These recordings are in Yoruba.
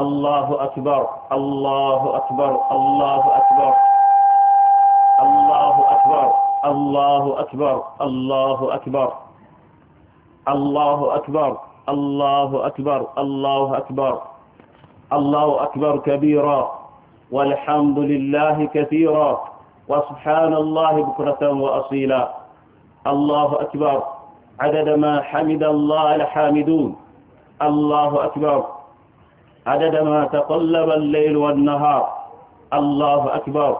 الله أكبر الله أكبر الله أكبر الله أكبر الله أكبر الله أكبر الله أكبر الله أكبر الله أكبر الله أكبر كبيرا والحمد لله كثيرا وسبحان الله بكرة وأصيلا الله أكبر عدد ما حمد الله الحامدون الله أكبر عدد ما تقلب الليل والنهار الله أكبر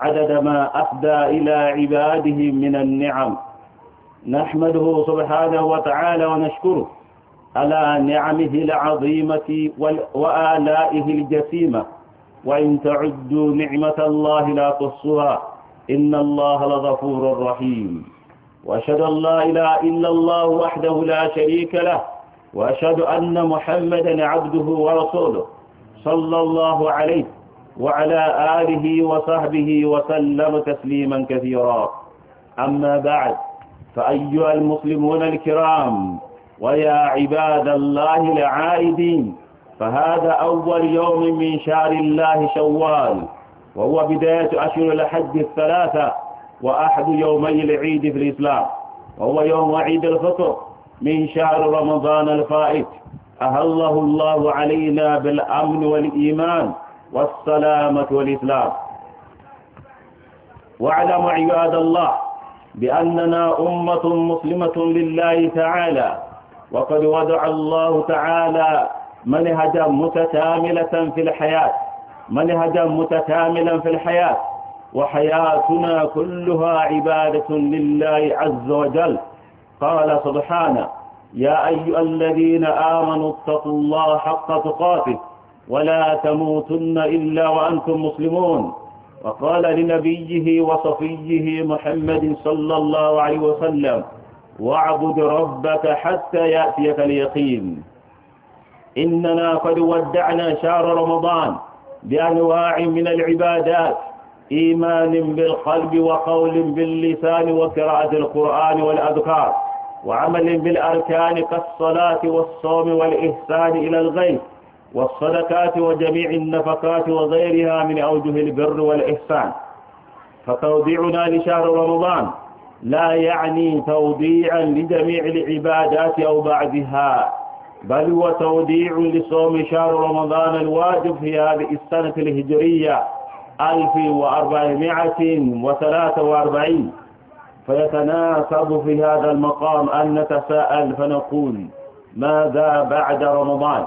عدد ما أفدى إلى عباده من النعم نحمده سبحانه وتعالى ونشكره على نعمه العظيمة وآلائه الجسيمة وإن تعدوا نعمة الله لا تحصوها إن الله لغفور رحيم وأشهد أن لا إله إلا الله وحده لا شريك له وأشهد أن محمدا عبده ورسوله صلى الله عليه وعلى آله وصحبه وسلم تسليما كثيرا أما بعد فأيها المسلمون الكرام ويا عباد الله العائدين فهذا أول يوم من شهر الله شوال وهو بداية أشهر الحج الثلاثة وأحد يومي العيد في الإسلام وهو يوم عيد الفطر من شهر رمضان الفائت أهله الله علينا بالأمن والإيمان والسلامة والإسلام واعلم عباد الله بأننا أمة مسلمة لله تعالى وقد وضع الله تعالى منهجا متكاملة في الحياة منهجا متكاملا في الحياة وحياتنا كلها عبادة لله عز وجل قال سبحانه يا أيها الذين آمنوا اتقوا الله حق تقاته ولا تموتن إلا وأنتم مسلمون وقال لنبيه وصفيه محمد صلى الله عليه وسلم واعبد ربك حتى يأتيك اليقين إننا قد ودعنا شهر رمضان بأنواع من العبادات إيمان بالقلب وقول باللسان وقراءة القرآن والأذكار وعمل بالأركان كالصلاة والصوم والإحسان إلى الغيب والصدقات وجميع النفقات وغيرها من أوجه البر والإحسان فتوضيعنا لشهر رمضان لا يعني توديعا لجميع العبادات أو بعدها بل هو توديع لصوم شهر رمضان الواجب في هذه السنة الهجرية 1443 فيتناسب في هذا المقام أن نتساءل فنقول ماذا بعد رمضان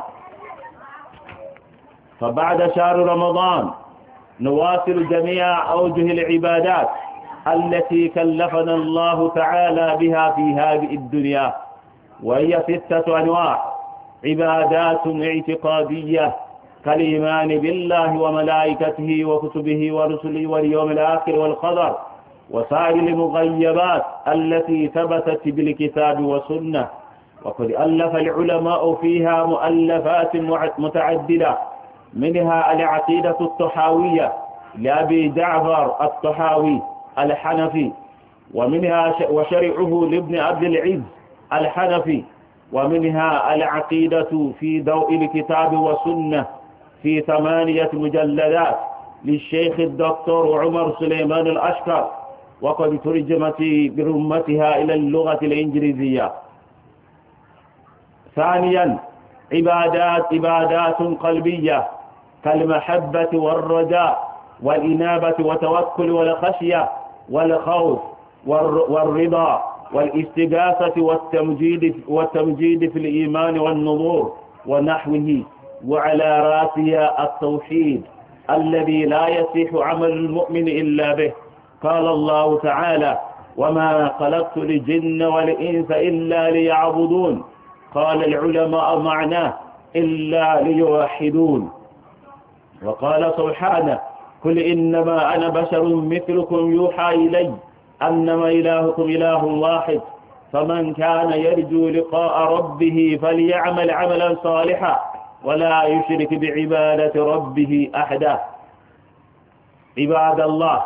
فبعد شهر رمضان نواصل جميع أوجه العبادات التي كلفنا الله تعالى بها في هذه الدنيا وهي ستة أنواع عبادات اعتقادية كالإيمان بالله وملائكته وكتبه ورسله واليوم الآخر والقدر وسائر المغيبات التي ثبتت بالكتاب والسنة وقد ألف العلماء فيها مؤلفات متعددة منها العقيدة الطحاوية لأبي جعفر الطحاوي الحنفي ومنها وشرعه لابن عبد العز الحنفي ومنها العقيدة في ضوء الكتاب والسنة في ثمانية مجلدات للشيخ الدكتور عمر سليمان الأشكر وقد ترجمت برمتها إلى اللغة الإنجليزية ثانيا عبادات عبادات قلبية كالمحبة والرجاء والإنابة وتوكل والخشية والخوف والرضا والاستغاثة والتمجيد, والتمجيد في الإيمان والنظور ونحوه وعلى راسها التوحيد الذي لا يصح عمل المؤمن إلا به قال الله تعالى وما خلقت الجن والإنس إلا ليعبدون قال العلماء معناه إلا ليوحدون وقال سبحانه قل إنما أنا بشر مثلكم يوحى إلي أنما إلهكم إله واحد فمن كان يرجو لقاء ربه فليعمل عملا صالحا ولا يشرك بعبادة ربه أحدا عباد الله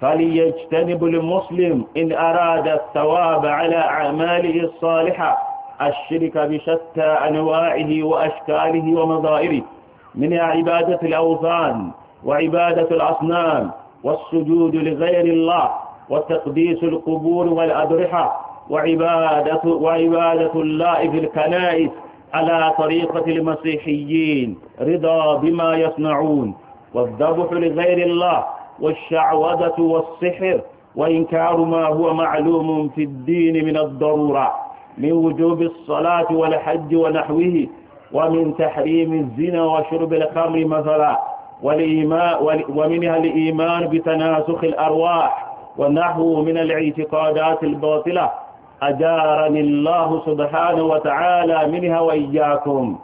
فليجتنب المسلم إن أراد الثواب على أعماله الصالحة الشرك بشتى أنواعه وأشكاله ومظائره من عبادة الأوثان وعبادة الأصنام والسجود لغير الله وتقديس القبور والأضرحة وعبادة, وعبادة الله في الكنائس على طريقة المسيحيين رضا بما يصنعون والذبح لغير الله والشعوذة والسحر وإنكار ما هو معلوم في الدين من الضرورة من وجوب الصلاة والحج ونحوه ومن تحريم الزنا وشرب الخمر مثلا ومنها الإيمان بتناسخ الأرواح ونحو من الاعتقادات الباطلة أجارني الله سبحانه وتعالى منها وإياكم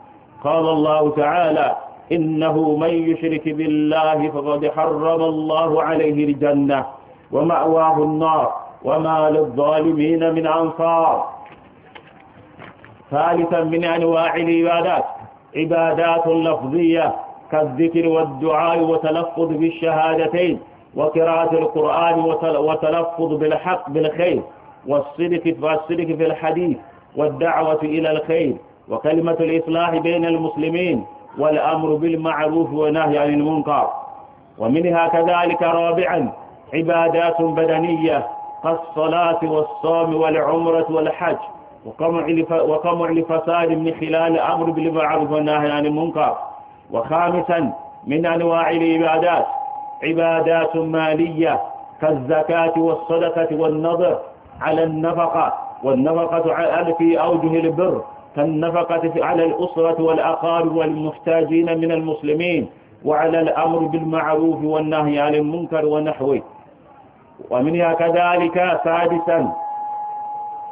قال الله تعالى إنه من يشرك بالله فقد حرم الله عليه الجنة ومأواه النار وما للظالمين من أنصار ثالثا من أنواع العبادات عبادات لفظية كالذكر والدعاء وتلفظ بالشهادتين وقراءة القرآن وتلفظ بالحق بالخير والصدق والصدق في الحديث والدعوة إلى الخير وكلمة الإصلاح بين المسلمين والأمر بالمعروف ونهي عن المنكر ومنها كذلك رابعا عبادات بدنية كالصلاة والصوم والعمرة والحج وقمع لفساد من خلال أمر بالمعروف والنهي عن المنكر وخامسا من أنواع العبادات عبادات مالية كالزكاة والصدقة والنظر على النفقة والنفقة على في أوجه البر كالنفقة على الأسرة والأقارب والمحتاجين من المسلمين وعلى الأمر بالمعروف والنهي عن المنكر ونحوه ومنها كذلك سادسا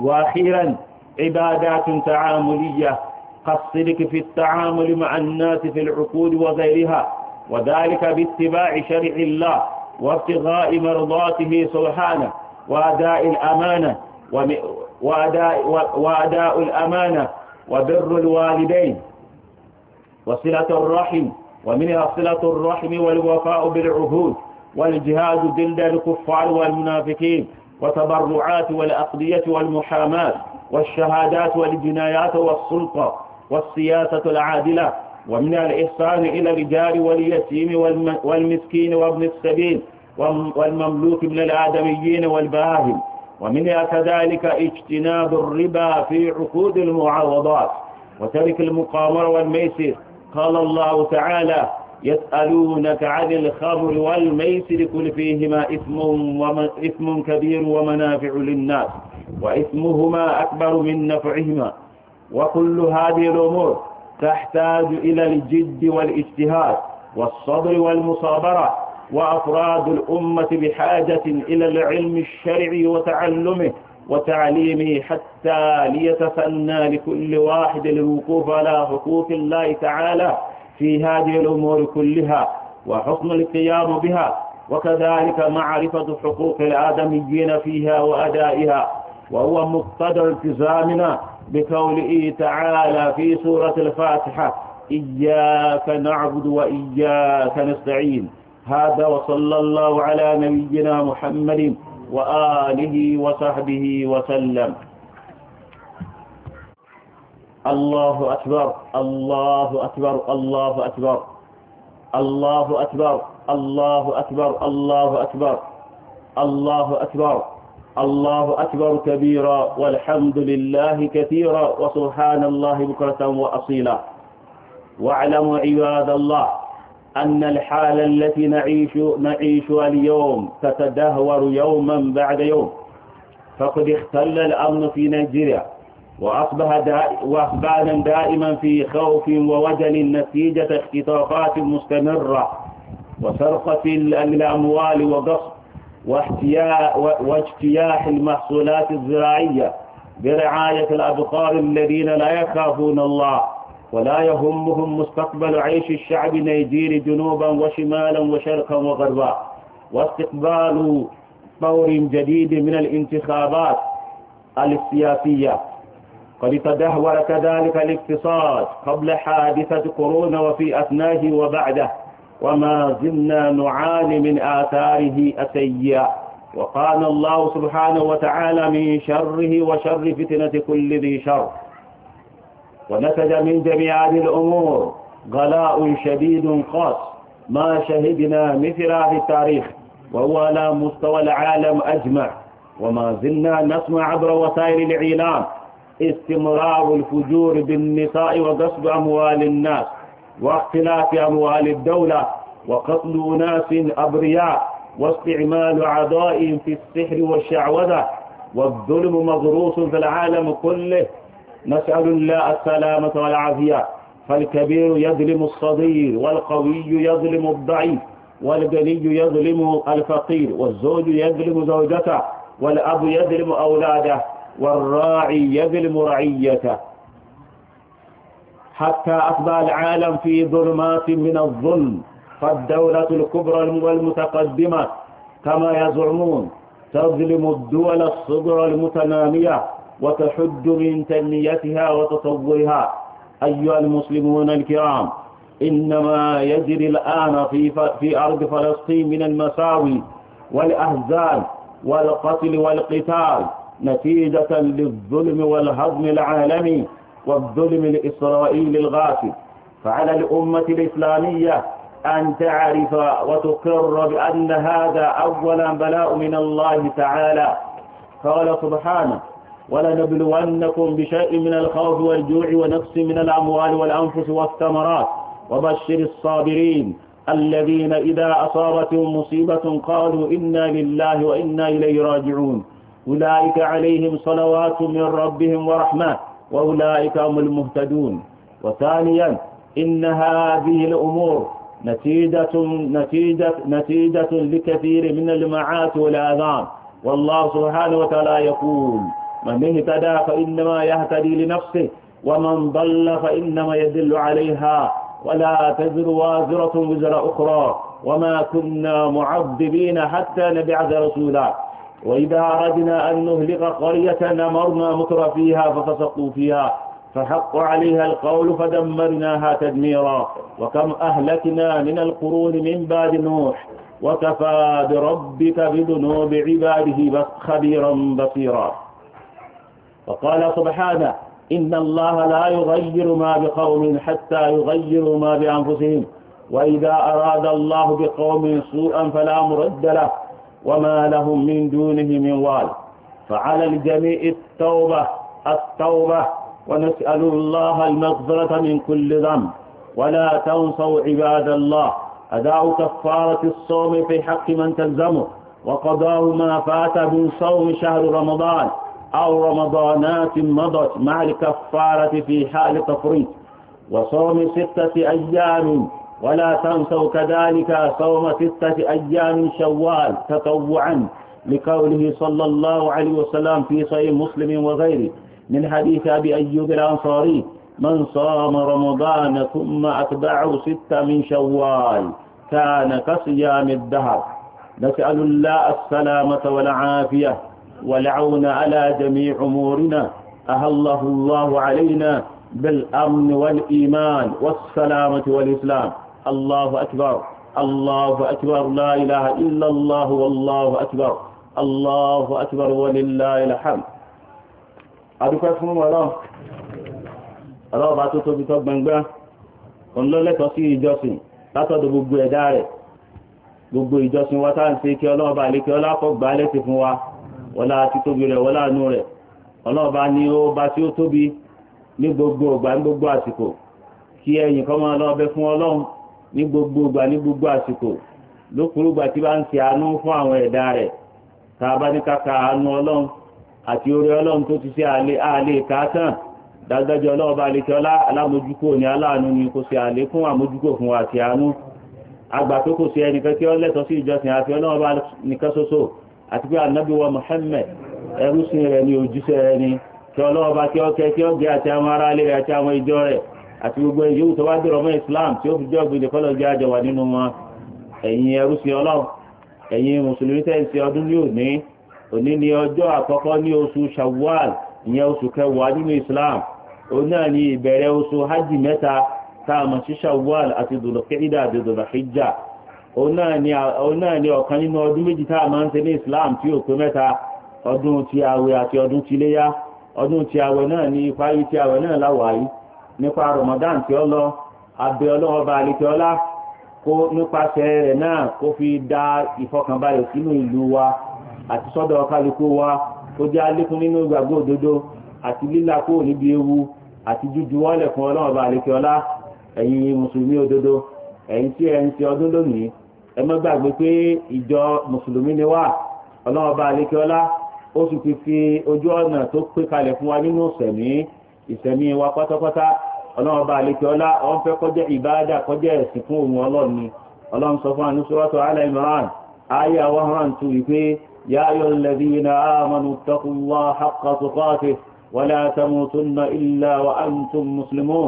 وأخيرا عبادات تعاملية قصرك في التعامل مع الناس في العقود وغيرها وذلك باتباع شرع الله وابتغاء مرضاته سبحانه وأداء الأمانة وأداء, وأداء الأمانة وبر الوالدين وصلة الرحم ومنها صلة الرحم والوفاء بالعهود والجهاد جلد الكفار والمنافقين وتبرعات والأقضية والمحاماة والشهادات والجنايات والسلطة والسياسة العادلة ومن الإحسان إلى الجار واليتيم والمسكين وابن السبيل والمملوك من الآدميين والباهم ومنها كذلك اجتناب الربا في عقود المعاوضات وترك المقامرة والميسر قال الله تعالى يسألونك عن الخمر والميسر كل فيهما إثم, إثم كبير ومنافع للناس وإثمهما أكبر من نفعهما وكل هذه الأمور تحتاج إلى الجد والاجتهاد والصبر والمصابرة وأفراد الأمة بحاجة إلى العلم الشرعي وتعلمه وتعليمه حتى ليتفنى لكل واحد الوقوف على حقوق الله تعالى في هذه الأمور كلها وحسن القيام بها وكذلك معرفة حقوق الآدميين فيها وأدائها وهو مقتضى التزامنا بقوله تعالى في سورة الفاتحة إياك نعبد وإياك نستعين هذا وصلى الله على نبينا محمد وآله وصحبه وسلم الله أكبر الله أكبر الله أكبر الله أكبر الله أكبر الله أكبر الله أكبر الله أكبر كبيرا والحمد لله كثيرا وسبحان الله بكرة وأصيلا واعلموا عباد الله أن الحالة التي نعيش نعيشها اليوم تتدهور يوما بعد يوم فقد اختل الأمن في نيجيريا وأصبح وأخبانا دائما في خوف ووجل نتيجة اختطافات مستمرة وسرقة الأموال وقصف واجتياح المحصولات الزراعية برعاية الأبقار الذين لا يخافون الله ولا يهمهم مستقبل عيش الشعب نيجيري جنوبا وشمالا وشرقا وغربا واستقبال طور جديد من الانتخابات السياسية قد تدهور كذلك الاقتصاد قبل حادثة كورونا وفي أثناه وبعده وما زلنا نعاني من آثاره السيئة وقال الله سبحانه وتعالى من شره وشر فتنة كل ذي شر ونتج من جميع هذه الأمور غلاء شديد خاص ما شهدنا مثل في التاريخ وهو على مستوى العالم أجمع وما زلنا نسمع عبر وسائل الإعلام استمرار الفجور بالنساء وغصب أموال الناس واختلاف أموال الدولة وقتل أناس أبرياء واستعمال عدائهم في السحر والشعوذة والظلم مغروس في العالم كله نسأل الله السلامة والعافية فالكبير يظلم الصغير والقوي يظلم الضعيف والغني يظلم الفقير والزوج يظلم زوجته والأب يظلم أولاده والراعي يظلم رعيته حتى أصبح العالم في ظلمات من الظلم فالدولة الكبرى والمتقدمة كما يزعمون تظلم الدول الصغرى المتنامية وتحد من تنميتها وتطورها أيها المسلمون الكرام إنما يجري الآن في, في أرض فلسطين من المساوي والأهزال والقتل والقتال نتيجة للظلم والهضم العالمي والظلم الإسرائيلي الغاشم فعلى الأمة الإسلامية أن تعرف وتقر بأن هذا أولا بلاء من الله تعالى قال سبحانه ولنبلونكم بشيء من الخوف والجوع ونقص من الأموال والأنفس والثمرات وبشر الصابرين الذين إذا أصابتهم مصيبة قالوا إنا لله وإنا إليه راجعون أولئك عليهم صلوات من ربهم ورحمة وأولئك هم المهتدون وثانيا إن هذه الأمور نتيجة, نتيجة, نتيجة لكثير من المعات والآذان والله سبحانه وتعالى يقول من اهتدى فإنما يهتدي لنفسه ومن ضل فإنما يدل عليها ولا تزر وازرة وزر أخرى وما كنا معذبين حتى نبعث رسولا وإذا أردنا أن نهلك قرية أمرنا مكر فيها ففسقوا فيها فحق عليها القول فدمرناها تدميرا وكم أهلكنا من القرون من بعد نوح وكفى بربك بذنوب عباده خبيرا بصيرا وقال سبحانه إن الله لا يغير ما بقوم حتى يغيروا ما بأنفسهم وإذا أراد الله بقوم سوءا فلا مرد له وما لهم من دونه من وال فعلى الجميع التوبة التوبة ونسأل الله المغفرة من كل ذنب ولا تنسوا عباد الله أداء كفارة الصوم في حق من تلزمه وقضاه ما فات من صوم شهر رمضان أو رمضانات مضت مع الكفارة في حال تفريط وصوم ستة أيام ولا تنسوا كذلك صوم ستة أيام شوال تطوعا لقوله صلى الله عليه وسلم في صحيح مسلم وغيره من حديث أبي أيوب الأنصاري من صام رمضان ثم أتبعه ستة من شوال كان كصيام الدهر نسأل الله السلامة والعافية والعون على جميع أمورنا أهله الله علينا بالأمن والإيمان والسلامة والإسلام الله أكبر الله أكبر لا إله إلا الله والله أكبر الله أكبر ولله الحمد أدوكا فún ọlọ́run ọlọ́ọ̀bá tó tóbi tó gbangba òun ló lẹ́tọ̀ọ́ sí ìjọsìn látọ̀dọ̀ gbogbo ẹ̀dá rẹ̀ gbogbo ìjọsìn wa táà ń ṣe ti títóbi rẹ̀ wọlá àánú rẹ̀ ọlọ́ọ̀bá ní ó bá tí ó tóbi ní gbogbo ìgbà ní gbogbo àsìkò kí ẹ̀yìn kọ́ máa fún ọlọ́run ní gbogbo ọgbà ní gbogbo àsìkò lókùrúgbà tí bá ń ṣe àánú fún àwọn ẹ̀dá rẹ̀ tá a bá ní káka àánú ọlọ́run àti ti ṣe àlè kàátàn dájọ́jọ́ ọlọ́ọ̀bá àlekẹ́ alámojúkò ní aláàánú àti pé ànábì wa Muhammad ẹrúsìn rẹ̀ ní ojúṣe rẹ̀ ni kí ọlọ́ọ̀bá kí ọkẹ kí ọgẹ àti àwọn ará ilé rẹ̀ àti àwọn ìjọ rẹ̀ àti gbogbo èyí tó wá dúró mọ́ Islam tí ó fi jẹ́ ọ̀gbìn ìdíkọ́lọ̀ jẹ́ àjọ wà nínú wọn ẹ̀yin ẹrúsìn ọlọ́run ẹ̀yin mùsùlùmí tẹ́ǹsì ọdún ní òní òní ni ọjọ́ àkọ́kọ́ ní oṣù Shawwal ìyẹn oṣù kẹwàá nínú Islam òun náà ni ìbẹ̀rẹ̀ oṣù hajj mẹ́ta tá a mọ̀ sí Shawwal àti dùlọ̀kẹ́dà àti dùlọ̀hijjah òun náà ni ọ̀kan nínú ọdún méjì ma a máa ń tí pé mẹ́ta ọdún ti àwẹ̀ àti ọdún ti léyá ọdún ti àwẹ̀ náà ni ìparí ti àwẹ̀ náà láwàáyí nípa Ramadan tí ọ lọ abẹ ọlọ́wọ́ bá ọlá kó nípasẹ̀ rẹ̀ da ìfọkànbalẹ̀ sínú ìlú wa àti sọ́dọ̀ kálukú wa kó jẹ́ alékún nínú ìgbàgbọ́ òdodo àti lílà ewu àti jújú wọ́lẹ̀ fún ọlọ́wọ́ bá ọlá ẹ̀yin mùsùlùmí òdodo ẹ má gbàgbé pé ìjọ mùsùlùmí ni wá ọlọ́run bá alékeọ́lá ó sì ti fi ojú ọ̀nà tó pé kalẹ̀ fún wa nínú ìsẹ̀mí ìsẹ̀mí wa pátápátá ọlọ́run bá alékeọ́lá ọ̀n fẹ́ kọjá ìbáadà kọjá ẹ̀sìn fún òun ọlọ́run ni ọlọ́run sọ fún anúṣọ́rọ́tọ̀ aláìmọ́ràn ayé àwọn hàn wípé yá ayọ̀ lẹ́bí iná àmọ́nù tọkùnwá wa àǹtùm mùsùlùmù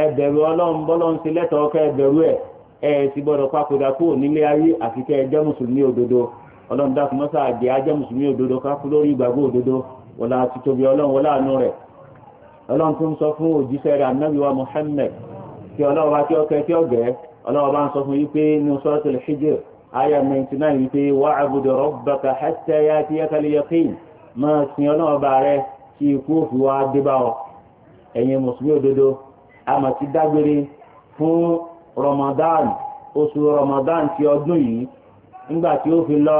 ẹ̀yin ẹ ti gbọ́dọ̀ papòdà kúrò nílé ayé àfi kẹ́ ẹ jẹ́ mùsùlùmí òdodo ọlọ́run dákun mọ́sá àjẹ́ ajẹ́ mùsùlùmí òdodo kákú lórí ìgbàgbọ́ òdodo wọlá ti tóbi ọlọ́run wọlá àánú rẹ̀ ọlọ́run tó ń sọ fún òjíṣẹ́ rẹ̀ anábì wa Muhammad kí ọlọ́run bá kí ọkẹ́ kí ọgẹ́ ọlọ́run bá ń sọ fún yí pé ní Suratul Hijr aya 99 yí pé wa'budu rabbaka hatta ya'tiyaka al-yaqin máa sin ọlọ́run bá Ramadan oṣù Ramadan ti ọdún yìí nígbà tí ó fi lọ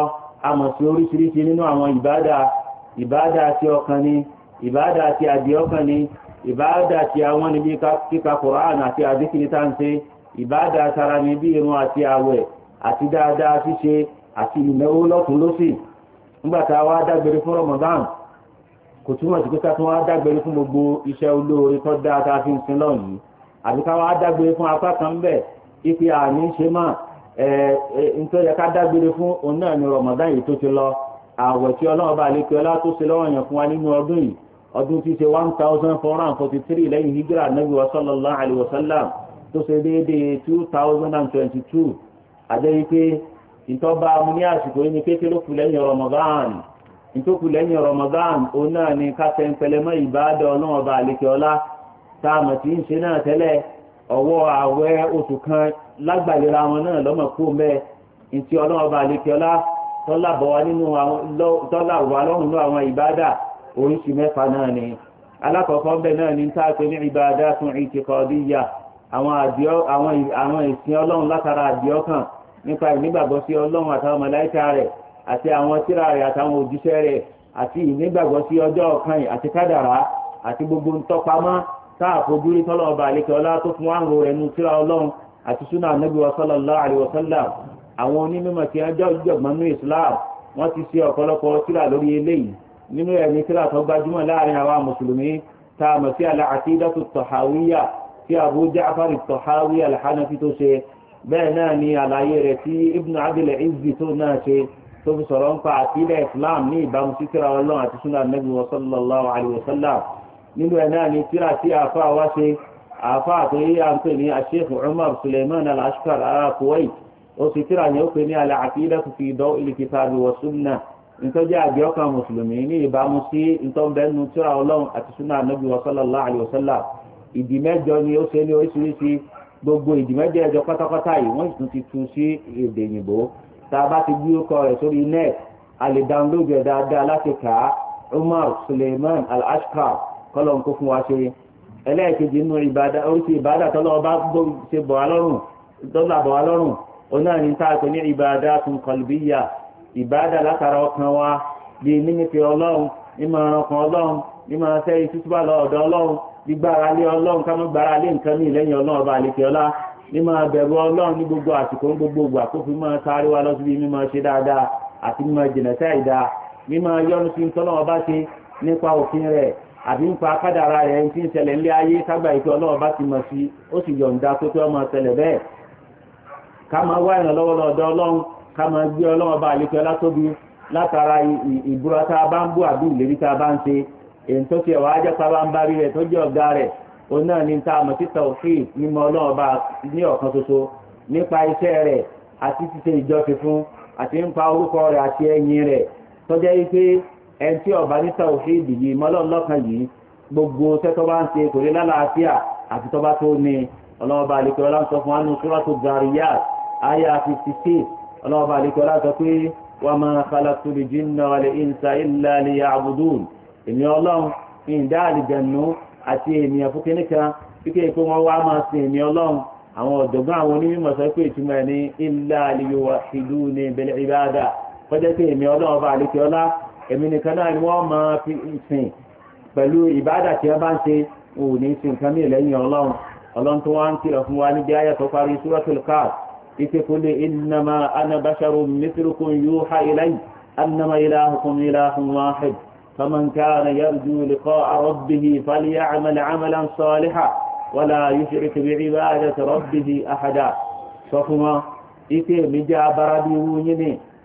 amọ̀ sí oríṣiríṣi nínú àwọn ìbádà ìbádà ti ọkàn ni ìbádà ti àdìọ́kàn ni ìbádà ti àwọn níbi kíka Quran àti àdíkiri tá ń ṣe ìbádà tara ni bí irun àti àwẹ̀ àti dáadáa ṣíṣe àti ìnáwó lọ́tún lọ́sì nígbà tá dágbére fún Ramadan kò túmọ̀ sí pé ká tún wá dágbére fún gbogbo iṣẹ́ olóore tó dáa tá a fi ń sin lọ́yìn àbí káwọn adágbére fún apá kan ń bẹ̀ ipe àní ṣe mọ́ ẹ ẹ nítorí ká dágbére fún òun náà ní Ramadan yìí tó ti lọ àwẹ̀ tí ọlọ́run bá lè pe ọlá tó ṣe lọ́wọ́ yẹn fún wa nínú ọdún yìí ọdún tí ṣe one thousand four hundred and forty three lẹ́yìn hijira nabi wa sallallahu alayhi wa sallam tó ṣe déédéé two thousand and twenty two àjẹ́ pé ìtọ́ba mu ní àsìkò yìí ni kékeré kù lẹ́yìn Ramadan ìtókù lẹ́yìn Ramadan òun náà ni ká ṣe ń pẹlẹmọ́ ìbáàdọ̀ ọlọ́run ọba àlekè ọlá tá a mọ̀ tí ń ṣe náà tẹ́lẹ̀ ọwọ́ àwẹ̀ oṣù kan lágbàlera wọn náà lọ́mọ̀ kó mẹ́ ntí ọlọ́run ọba àlekẹ́ọ́lá tọ́lá bọ̀ wá nínú àwọn tọ́lá wà lọ́rùn ní àwọn ìbádà oríṣi mẹ́fà náà ni alákọ̀ọ́kọ́ bẹ́ẹ̀ náà ni tá a pè ní ìbádà tún ìtìkọ̀ọ́díyà àwọn ìsìn ọlọ́run látara àdìọ́kàn nípa ìnígbàgbọ́ sí ọlọ́run àtàwọn màláíkà rẹ̀ àti àwọn tírà rẹ̀ àtàwọn òjíṣẹ́ rẹ̀ àti ìnígbàgbọ́ sí ọjọ́ ọ̀kan àti kádàrá àti gbogbo ntọ́pamọ́ táàfojú rí tọ́lọ̀ ọba àlekẹ́ ọlá tó fún àrùn rẹ̀ nù síra ọlọ́run àti súnà ànábì wa sallallahu alaihi wa sallam àwọn onímọ̀ tí wọ́n jẹ́ ìjọ̀gbọ́n ní islam wọ́n ti ṣe ọ̀pọ̀lọpọ̀ síra lórí eléyìí nínú ẹ̀mí síra tó gbajúmọ̀ láàrin àwa mùsùlùmí tá a mọ̀ sí al-aqidatu at-tahawiyya tí abu ja'far at-tahawi tó ṣe bẹ́ẹ̀ náà ni àlàyé rẹ̀ tí ibn abdul izzi tó náà ṣe tó fi sọ̀rọ̀ ń pa àkídà islam ní ìbámu sí síra ọlọ́run àti súnà ànábì wa sallallahu alaihi nínú ẹ̀ náà ni tíra tí àáfà wá ṣe àáfà tó yí à ń pè ní àṣẹ́fù Umar Suleiman al-Ashkar ará Kuwait ó sì tíra yẹn ó pè ní al-aqidatu fi daw'il kitabi wa sunnah ntọ́jú àgbẹ̀ ọkàn mùsùlùmí ní ìbámu sí ntọ́nbẹ́nu tíra ọlọ́run àti súnà anábì wa sallallahu alayhi wa sallam ìdí mẹ́jọ ni ó ṣe ní oríṣiríṣi gbogbo ìdí mẹ́jọ ẹjọ pátápátá yìí wọ́n sì tún ti tu sí èdè òyìnbó tá a bá ti gbé ọkọ rẹ̀ sórí net a lè dáńlódù ẹ̀ dáadáa láti kà á Umar Suleiman al-Ashkar kọ́lọ̀ ń kó fún wa ṣe ẹlẹ́ẹ̀kejì nínú ìbádà oríṣi ìbádà tọ́lọ́ bá ṣe bọ̀ wá lọ́rùn tọ́lá bọ̀ wá lọ́rùn oná ní táàkì ní ìbádà tún kọlùbíyà ìbádà látara ọkàn wa bí nínífẹ̀ ọlọ́run mímọ̀ràn ọkàn ọlọ́run mímọ̀ràn sẹ́yìn tútúbà lọ́ọ̀dọ̀ ọlọ́run gbígbára lé ọlọ́run ká mọ́ gbára lé nǹkan ní ìlẹ́yìn ọlọ́run ọba àlèkè ọlá mímọ̀ bẹ̀rù ọlọ́run ní fi mọ́ nípa òfin rẹ̀ àbí ń pa kádàrà rẹ̀ ń tí ń ṣẹlẹ̀ ńlé ayé ọlọọba ìpè ọlọ́run bá ti mọ̀ sí ó sì yọ̀ǹda tó tó ọmọ ṣẹlẹ̀ bẹ́ẹ̀ ká máa wá ìrànlọ́wọ́ lọ́dọ̀ ọlọ́run ká máa gbé ọlọ́run bá àlejò látóbi látara ìbúra tá a bá ń bú àbí ìlérí tá a bá ń ṣe èyí tó ṣe bá ń bá rí rẹ̀ ẹni tí ọba ní tàwùfíìdì yìí mọ́lọ́n lọ́kàn yìí gbogbo tẹ́tọ́ bá ń ṣe kò lè lálàáfíà àti tọ́ba tó ní ọlọ́ọ̀bà àlekè ọlá ń sọ fún anú sọ́rọ́tò Zariyat àyà fifty six ọlọ́ọ̀bà àlekè ọlá sọ pé wa ma khalaqtul jinna wal insa illa liya'budun èmi ọlọ́run ìdá àlìjẹ̀nù àti ènìyàn fún kínníkan èmi ọlọ́run àwọn ọ̀jọ̀gbọ́n àwọn onímọ̀ sọ pé ìtumọ̀ ní illa liyuwahhiduni bil ibada kọjá pé èmi ọlọ́run bá àlekè ọlá èmi nìkan náà ni wọ́n máa fi sìn pẹ̀lú ìbádà tí wọ́n bá ń ṣe ò ní sí nǹkan mí lẹ́yìn ọlọ́run ọlọ́run tó wá ń kìlọ̀ fún wa níbi ayé tó parí suratul Kahf ike kule innama ana basharun mithlukum yuha ilayya annama ilahukum ilahun wahid faman kana yarju liqa'a rabbih falya'mal 'amalan salihan wala yushrik bi'ibadati rabbih ahada sọ fún wa ike mi jẹ́ abára wúnyí ni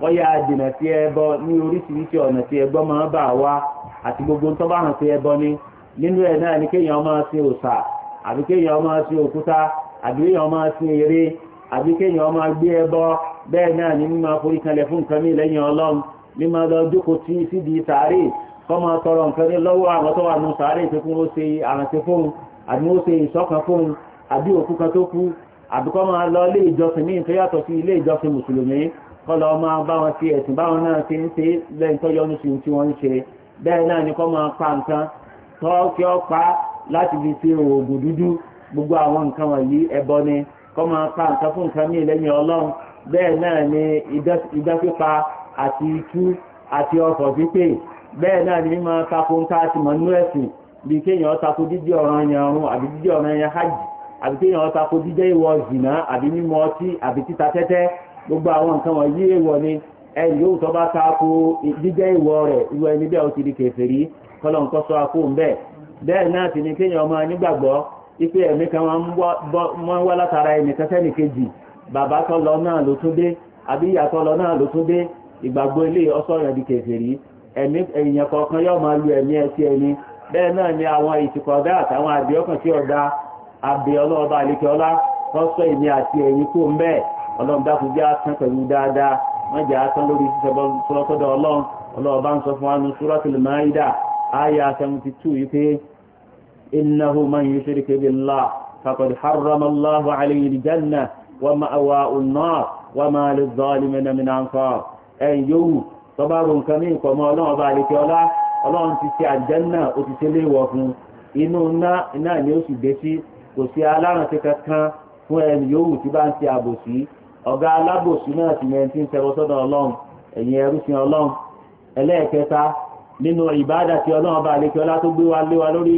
bọ́yá dènà sí ẹbọ ní oríṣiríṣi ọ̀nà tí ẹgbọ́n máa bà wá àti gbogbo tó bá hàn sí ẹbọ ní nínú ẹ̀ náà ni kéèyàn máa sin òòṣà àbí kéèyàn máa sin òkúta àbí kéèyàn máa sin eré àbí kéèyàn máa gbé ẹbọ bẹ́ẹ̀ náà ni mímọ forí kanlẹ̀ fún nǹkan mí lẹ́yìn ọlọ́run mímọ lọ jókòó tí sídìí sàárè kọ́ máa tọrọ nǹkan ní lọ́wọ́ àwọn tó wà nù sàárè tó fún ó ṣe àrántí fóun àbí ó ṣe ìṣọ́kan fóun àbí òkú kan tó kú àbí kọ́ lọ ilé ìjọsìn ní ìtọ́yàtọ̀ sí ilé ìjọsìn mùsùlùmí kọlọ máa bá wọn fi ẹ̀sìn báwọn náà ti ń ṣe lẹ́yìn tó yọ níṣu tí wọ́n ń ṣe bẹ́ẹ̀ náà ni kọ́ máa pa nǹkan tọ́ kí ọ pa láti fi ṣe oògùn dúdú gbogbo àwọn nǹkan wọ̀nyí ẹbọ ni kọ́ máa pa nǹkan fún nǹkan míì lẹ́yìn ọlọ́run bẹ́ẹ̀ náà ni idán pípa àti ikú àti ọ̀fọ̀ pípé bẹ́ẹ̀ náà ni mímọ tako ń ká ti mọ̀ nínú ẹ̀sìn bí kéèyàn tako dídí ọ̀ràn yẹn ọ̀run àbí dídí ọ̀ràn yẹn hajj àbí kéèyàn tako dídí ìwọ zìnà àbí mímọ ọtí àbí títa tẹ́tẹ́ gbogbo àwọn nǹkan wọ̀nyí èèwọ̀ ni ẹni yóò tọ́ bá tako jíjẹ́ ìwọ rẹ̀ irú ẹni bẹ́ẹ̀ ó ti di kèfèrí kọ́lọ̀ nǹkan sọ akó ń bẹ́ẹ̀ bẹ́ẹ̀ náà sì ni kéèyàn ọmọ nígbàgbọ́ ipe ẹ̀mí kan wọ́n wá látara ẹnì kan kejì bàbá tó lọ náà ló tún dé àbí ìyá lọ ọsọ yẹn di ẹ̀mí lu ẹ̀mí ẹni bẹ́ẹ̀ náà ni àwọn ìtìkọ̀dá àtàwọn àbíọ́kàn tí ọ̀dà kọ́sọ́ àti ẹ̀yìn ń bẹ́ẹ̀ ọlọ́run dákú jẹ́ asán pẹ̀lú dáadáa wọ́n jẹ́ asán lórí sísẹ́bọ́ sọ́lọ́sọ́dọ̀ ọlọ́run ọlọ́run bá ń sọ fún wa ní Suratul Maida àyà 72 yìí pé innahu man yushrik billah faqad harrama Allahu alayhi al-janna wa ma'wahu an-nar wa ma liz-zalimina min ansar ẹ̀yìn yòówù tọ́ba ro nǹkan ní ìkọ̀mọ́ ọlọ́run ọba àlekè ọlá ọlọ́run ti kankan fún ẹni yòówù tí bá ń ṣe àbòsí ọ̀gá alábòsí náà ti mẹ́rin tí ń tẹ́wọ́ sọ́dọ̀ ọlọ́run ẹ̀yìn ẹrúfin ọlọ́run ẹlẹ́ẹ̀kẹta nínú ìbáàdà tí ọlọ́run bá lékẹ́ ọlá tó gbé wa lé wa lórí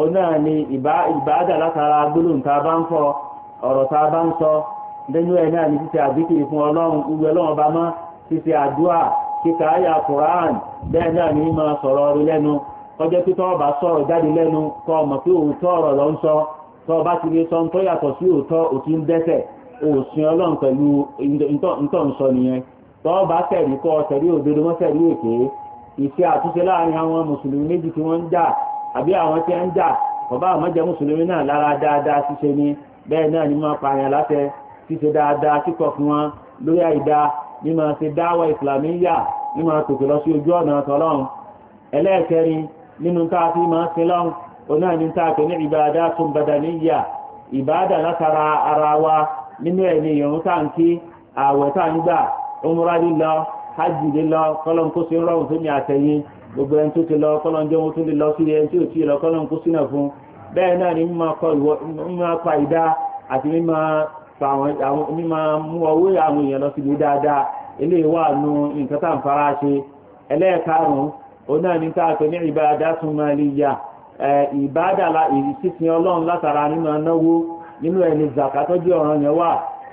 ó náà ni ìbáàdà látara gbólóhùn tá a bá ń fọ ọ̀rọ̀ tá bá ń sọ nínú ẹ̀ náà ni àdíkìrì fún ọlọ́run gbogbo ọlọ́run bá mọ́ àdúà kíkà lọ ń sọ ti òsìn ọlọ́run pẹ̀lú ntọ́nsọ nìyẹn tọ́ bá tẹ̀rí kọ́ tẹ̀rí òdodo mọ́ tẹ̀rí èké àtúnṣe láàrin àwọn mùsùlùmí méjì tí wọ́n ń jà àbí àwọn tí ń jà ọba àmọ́jẹ́ mùsùlùmí náà lára dáadáa ṣíṣe ni ni láṣẹ ṣíṣe dáadáa fún wọn lórí ní ṣe tòkè lọ sí ojú ọ̀nà ẹlẹ́ẹ̀kẹrin nínú tá a fi máa ṣe lọ́run onáà ní tá a pè ní ìbáadá tún bàdàníyà nínú ẹ̀ ní ìrun tá à ń kí ààwẹ̀ tá à ń gbà umra lílọ hajj lílọ kọ́lọ́n kó sí rọrùn fún mi àtẹ̀yìn gbogbo ẹni tó ti lọ kọ́lọ́n jẹ́ wọn tó lè lọ sí ẹni tí ò tí ì lọ kọ́lọ́n kó sínà fún bẹ́ẹ̀ náà ni mímọ́ pa ìdá àti mímọ́ mú ọwọ́ àwọn èèyàn lọ síbi dáadáa eléyìí wà nù nǹkan tá à ń fara ṣe ẹlẹ́ẹ̀karùn-ún òun náà ní táàkì ní ìbáadá tún máa lè yà ìbáadà ìsísìn ọlọ́run látara nínú anáwó nínú ẹni zaka tó jẹ́ ọ̀ràn yẹn wà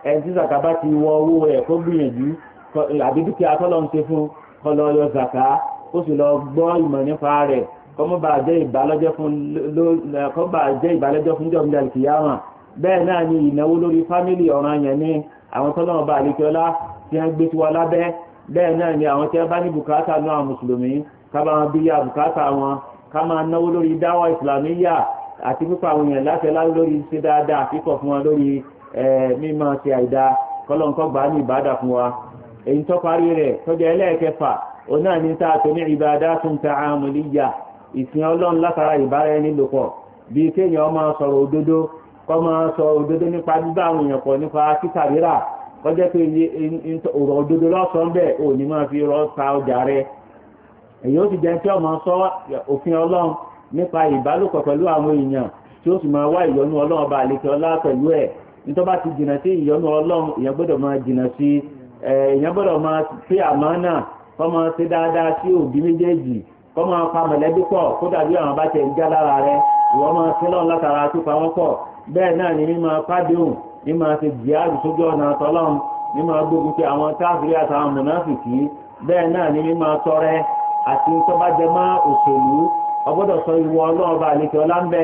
ẹni tí zaka bá ti wọ owó rẹ̀ kó gbìyànjú àbí dúkìá tọ́lọ́ ń ṣe fún kó lọ yọ zaka ó sì lọ gbọ́ ìmọ̀ nípa rẹ̀ kọ́mọ́ bá jẹ́ ìbálọ́jọ́ fún jọ̀gbìn àlùkìyàmà ni ìnáwó lórí fámílì ọ̀ràn yẹn ní àwọn tọ́lọ́mọba àlekíọ́lá tí ni àwọn tí wọ́n bá ní bùkátà náà mùsùlùmí ká bá wọn bí àti pípa àwọn èèyàn láṣẹ lórí ṣe dáadáa kíkọ̀ fún wa lórí mímọ́ ṣe àìdá kọ́lọ́nkọ́ gbà ní ìbádà fún wa èyí tó parí rẹ̀ tó jẹ́ ẹlẹ́ẹ̀kẹfà òun náà ní tá a tó ní ìbádà tún ta àmúlíyà ìsìn ọlọ́run látara ìbára ẹni lòpọ̀ bí kéèyàn máa sọ̀rọ̀ òdodo kọ́ máa sọ òdodo nípa bíbá àwọn èèyàn pọ̀ nípa èyí ó ti jẹ́ tí ọmọ sọ òfin ọlọ́run nípa ìbálòpọ̀ pẹ̀lú àwọn èèyàn tí ó sì máa wá ìyọnú ọlọ́run bá àlekè ọlá pẹ̀lú ẹ̀ ti jìnnà sí ìyọnú ọlọ́run èèyàn gbọ́dọ̀ máa jìnnà sí èèyàn gbọ́dọ̀ máa pé àmánà kọ́ máa ṣe dáadáa sí òbí méjèèjì kọ́ máa pa mọ̀lẹ́bí pọ̀ kó dàbí rẹ ìwọ́n máa ṣe lọ́run látara tó pa wọ́n pọ̀ bẹ́ẹ̀ náà ni pàdéhùn ṣe jìyàrù sójú ọ̀nà tọ́lọ́run gbógun ti àwọn àtàwọn bẹ́ẹ̀ náà ni tọrẹ ọgbọ́dọ̀ sọ ìwọ ọlọ́ọ̀bà àlejò ọlá ń bẹ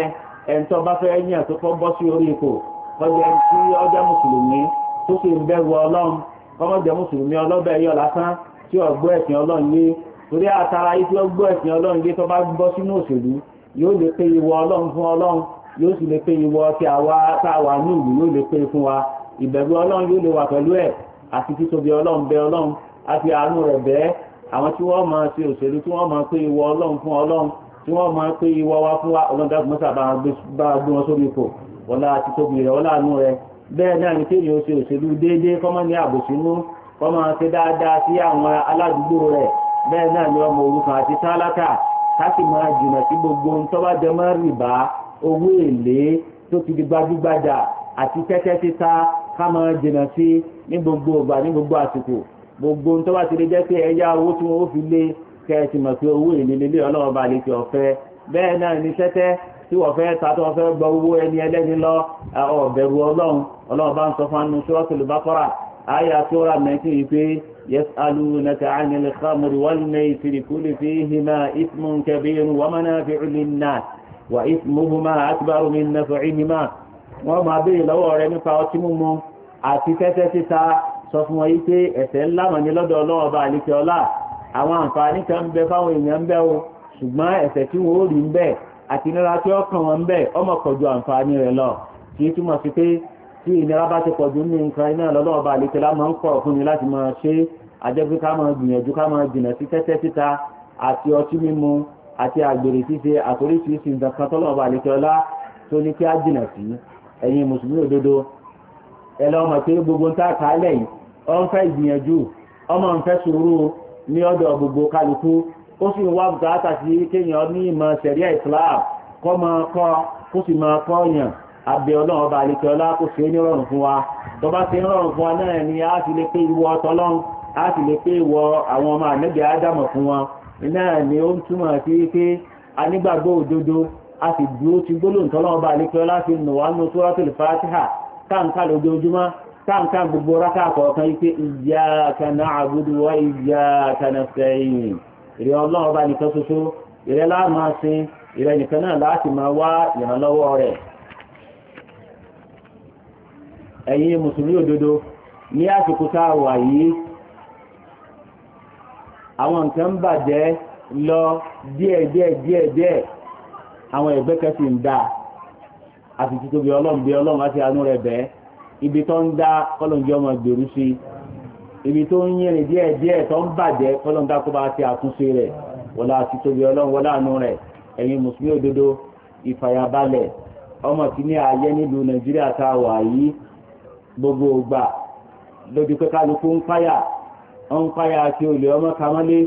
ẹni tó bá fẹ́ yàn tó fọ́ bọ́ sí orí ipò kọjá tí ọjà mùsùlùmí tó ṣe ń bẹ̀rù ọlọ́run kọ́mọ̀jẹ̀ mùsùlùmí ọlọ́bẹ̀ yọ lásán tí ọgbọ́ ẹ̀sìn ọlọ́run yé torí àtàrà yìí tí ọgbọ́ ẹ̀sìn ọlọ́run yé tó bá bọ́ sínú òṣèlú yóò lè pé ìwọ ọlọ́run fún ọlọ́run yóò sì lè pé ìwọ tí àwa táwa ní ìlú yóò lè pé fún wa ìbẹ̀rù ọlọ́run yóò lè wà pẹ̀lú ẹ̀ àti títóbi ọlọ́run bẹ ọlọ́run àti àánú rẹ̀ bẹ́ẹ̀ àwọn tí wọ́n máa ṣe òṣèlú tí wọ́n máa pé ìwọ ọlọ́run fún ọlọ́run tí wọ́n máa pé ìwọ wa fún wa ọlọ́dà fún mọ́sà bá gbé wọn sórí ipò wọlá àti tóbi rẹ̀ wọlá àánú rẹ̀ bẹ́ẹ̀ náà ni kéèyàn ṣe òṣèlú déédéé kọ́mọ́ ní àbòsínú kọ́mọ́ ṣe dáadáa sí àwọn aládùúgbò rẹ̀ bẹ́ẹ̀ náà ni ọmọ òrukàn àti tálákà káàkiri máa jìnà sí gbogbo ohun tó bá jẹ mọ́ rìbá owó èlé tó ti di gbajúgbajà àti tẹ́tẹ́ títa ká máa jìnà sí ní gbogbo ìgbà ní gbogbo àsìkò gbogbo ohun tó ti lè jẹ́ pé ẹ̀yà owó tí wọ́n fi lé kẹ́ ti mọ̀ pé owó èlé lélé ọlọ́run bá lè fi ọ̀fẹ́ bẹ́ẹ̀ náà ní sẹ́tẹ́ tí wọ́n fẹ́ ta tó wọ́n fẹ́ gbọ́ owó ẹni ẹlẹ́ni lọ ọ̀bẹ̀rù ọlọ́run ọlọ́run bá ń sọ fún Suratul Baqara àyà tó rà mẹ́tì yìí pé yas'alunaka 'anil khamri wal maysiri qul fihima ithmun kabirun wa manafi'u lin-nas wa ithmuhuma akbaru min naf'ihima wọ́n máa béèrè lọ́wọ́ rẹ nípa ọtí mímu àti tẹ́tẹ́ títa sọ fún wọn yìí pé ẹ̀ṣẹ̀ ńlá mọ̀ ní lọ́dọ̀ ọlọ́run ọba àlìkẹ́ ọlá àwọn àǹfààní kan ń bẹ fáwọn èèyàn ń bẹ o ṣùgbọ́n ẹ̀ṣẹ̀ tí wọ́n ó rí ń bẹ àti ìnira tí ó kàn wọ́n ń bẹ ọmọ kọjú àǹfààní rẹ̀ lọ kì í túmọ̀ sí pé tí ìnira bá ti pọ̀jù ní nǹkan iná lọ́dọ̀ ọba àlekèlá máa ń kọ̀ fún ni láti máa ṣe àjẹpé ká máa gbìyànjú ká máa jìnà sí tẹ́tẹ́ síta àti ọtí mímu àti àgbèrè ṣíṣe àtòríṣiríṣi nǹkan kan tọ́lọ́ ọba àlekèlá tó ní kí á jìnà sí ẹ̀yin mùsùlùmí òdodo ẹ pé gbogbo ń tá a kà á fẹ́ ìgbìyànjú ọmọ ń fẹ́ sùúrù ní ọ̀dọ̀ gbogbo kálukú ó sì wá bùkátà sí kéèyàn ní ìmọ̀ sẹ̀ríà Islam kọ́ máa kọ́ kó sì máa kọ́ yàn abẹ́ ọlọ́run ọba àlekè ọlá kó ṣe ní rọrùn fún wa tó bá ṣe rọrùn fún wa náà ni a sì lè pé ìwọ ọtọlọ́run a sì lè pé ìwọ àwọn ọmọ ànẹ́gbẹ̀ ádámọ̀ fún wọn náà ni ó ń túmọ̀ sí pé a nígbàgbọ́ òdodo a sì dúró ti gbólóǹtọ́lọ́run ọba àlekè ọlá fi nù nù Suratul Fatiha táǹkà lójoojúmọ́ táǹkà gbogbo rákà kọ̀ọ̀kan yìí pé iyyaka na'budu wa iyyaka nasta'in ìrẹ́ ọlọ́run ọba nìkan ṣoṣo ìrẹ́ la máa sìn ìrẹ́ nìkan náà láti máa wá ìrànlọ́wọ́ rẹ̀ ẹ̀yin mùsùlùmí òdodo ní àsìkò tá a wà yìí àwọn nǹkan ń bàjẹ́ lọ díẹ̀ díẹ̀ díẹ̀ díẹ̀ àwọn ẹ̀gbẹ́ kẹsì ń dà àti títóbi ọlọ́run bí ọlọ́run á ti àánú rẹ̀ bẹ́ẹ̀ ibi tó ń dá kọ́lọ̀njọ́ ọmọ gbèrú sí ibi tó ń yìnrìn díẹ̀ díẹ̀ tó ń bàjẹ́ kọ́lọ̀njọ́ kó bá ti àtúnṣe rẹ̀ wọlá àti tóbi ọlọ́run wọlá àánú rẹ̀ ẹ̀yin mùsùlùmí òdodo ìfàyàbalẹ̀ ọmọ tí ní ààyè nílùú nàìjíríà ta wà yìí gbogbo ògbà lójú pé kálukú ń páyà ń páyà àti olè ọmọ kamálé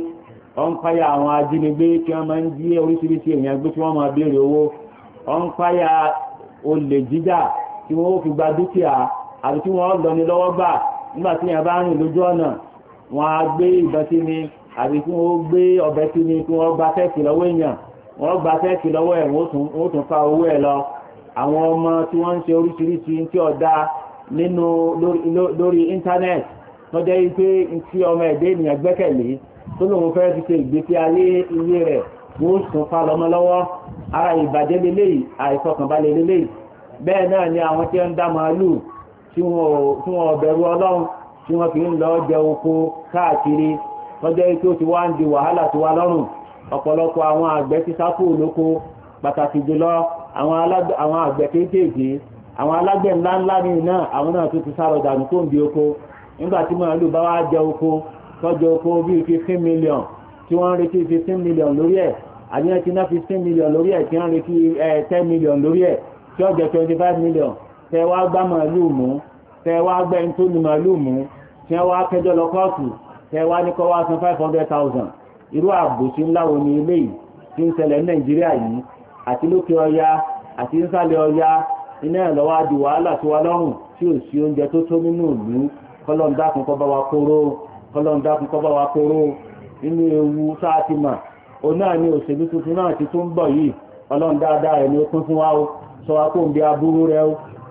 ń páyà àwọn ajínigbé tí wọ́n máa ń jí oríṣiríṣi èèyàn gbé tí wọ́n máa béèrè owó ń páyà olè jíjà tí wọ́n fi gba dúkìá àbí tí wọ́n lọ ní lọ́wọ́ gbà nígbà tí yẹn bá ń rìn lójú ọ̀nà wọ́n á gbé ìbọn sí ni àbí tí wọ́n gbé ọ̀bẹ sí ni kí wọ́n gba sẹ́ẹ̀kì lọ́wọ́ èèyàn wọ́n gba sẹ́ẹ̀kì lọ́wọ́ ẹ̀ wọ́n tún fa owó ẹ̀ lọ àwọn ọmọ tí wọ́n ń ṣe oríṣiríṣi tí ọ̀dà nínú lórí íńtánẹ́ẹ̀tì tó jẹ́ wípé tí ọmọ ẹ̀dẹ́ ènìyàn gbẹ́kẹ̀lé tó lóun fẹ́ fi ṣe ìgbésí ayé ilé rẹ̀ wọ́n sùn fa lọ́mọ lọ́wọ́ ara ìbàjẹ́ lélẹ́yìí àìfọkànbalẹ̀ lélẹ́yìí bẹ́ẹ̀ náà ni àwọn tí ń dá màálù tí wọ́n bẹ̀rù ọlọ́run tí wọ́n fi ń lọ jẹ oko káàkiri lọ́jọ́ ikú ti wá ń di wàhálà tí wá lọ́rùn ọ̀pọ̀lọpọ̀ àwọn àgbẹ̀ ti sáfò lóko pàtàkì jùlọ àwọn àgbẹ̀ kéékèèké àwọn alágbẹ̀ ńláńlá ní iná àwọn náà tó ti sáró dànù tó ń di oko nígbà tí màálù bá wá jẹ oko tọ́jọ oko bíi fifteen million tí wọ́n ń retí fifteen million lórí ẹ̀ àníyàn ti ná fifteen million lórí ẹ̀ tí wọ́n 25 retí million tẹ wá gbá màálùú mú tẹ wá gbẹ́ tó ní màálùú mú kẹjọ lọ kóòtù tẹ ní kọ́ san five hundred thousand irú àbòsí ńlá wo ni ilé yìí tí ń sẹlẹ̀ ní nàìjíríà yìí àti lókè ọya àti adi wàhálà lọ́rùn tí ò sí oúnjẹ tó tó nínú ìlú kọ́ bá wa kóró tuntun náà ti tún bọ̀ yìí ọlọ́run dáadáa ni ó fún wa ó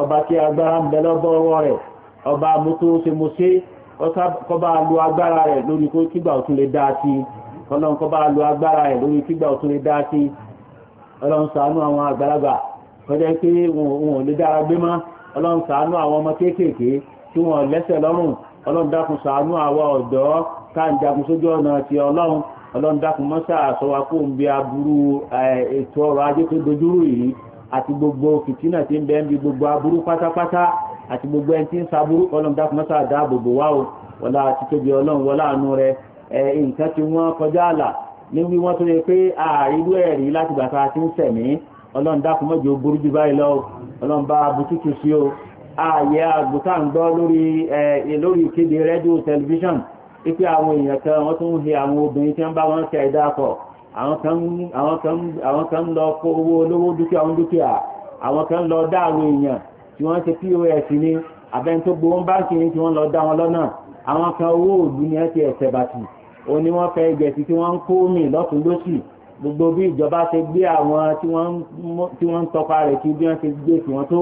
ọba tí agbára ń bẹ lọ́bọ̀ ọwọ́ rẹ̀ ọba mútó ṣe mú sí kọba lu agbára rẹ̀ lórí kígbà òtún lè dáa sí ọlọ́run kọba lu agbára rẹ̀ lórí kígbà òtún lè dáa sí ọlọ́run ṣàánú àwọn àgbàlagbà kọjá pé wọn ò lè dára gbé mọ́ ọlọ́run àwọn ọmọ kéékèèké tí wọn lẹ́sẹ̀ lọ́rùn ọlọ́run àwọn ọ̀dọ́ àti gbogbo fìtínà tí ń bẹ ń bi gbogbo aburú pátápátá àti gbogbo ẹni tí ń saburú ọlọ́run dákun mọ́sá dáàbò bò wá o wọlá àti tóbi ọlọ́run wọlá àánú rẹ nǹkan tí wọ́n kọjá àlà ní wí wọ́n tó yẹ pé ààrírú ẹ̀rí láti gbàtà àti ń sẹ̀mí ọlọ́run dákun mọ́jọ burú jù báyìí lọ ọlọ́run bá bùtútù sí o ààyè àgbùtà ń gbọ́ lórí ìkéde rédíò tẹlifíṣàn wípé àwọn èèyàn kan wọ́n tún ń he àwọn obìnrin tí wọ́n bá wọn ṣe ẹ̀dá pọ̀ àwọn kan lọ kó owó olówó dúkìá àwọn dúkìá àwọn kan lọ dá àwọn èèyàn tí wọ́n ṣe pos ní abẹ́ni tó gbowó báńkì ní tí wọ́n lọ dá wọn lọ́nà àwọn kan owó òdu ni ẹ ti ẹ̀sẹ̀ bàtì ó ní wọ́n fẹ́ ìgbẹ̀sì tí wọ́n ń kó mì lọ́tún lósì gbogbo bí ìjọba ṣe gbé àwọn tí wọ́n ń tọpa rẹ̀ kí bí wọ́n ṣe gbé tí wọ́n tó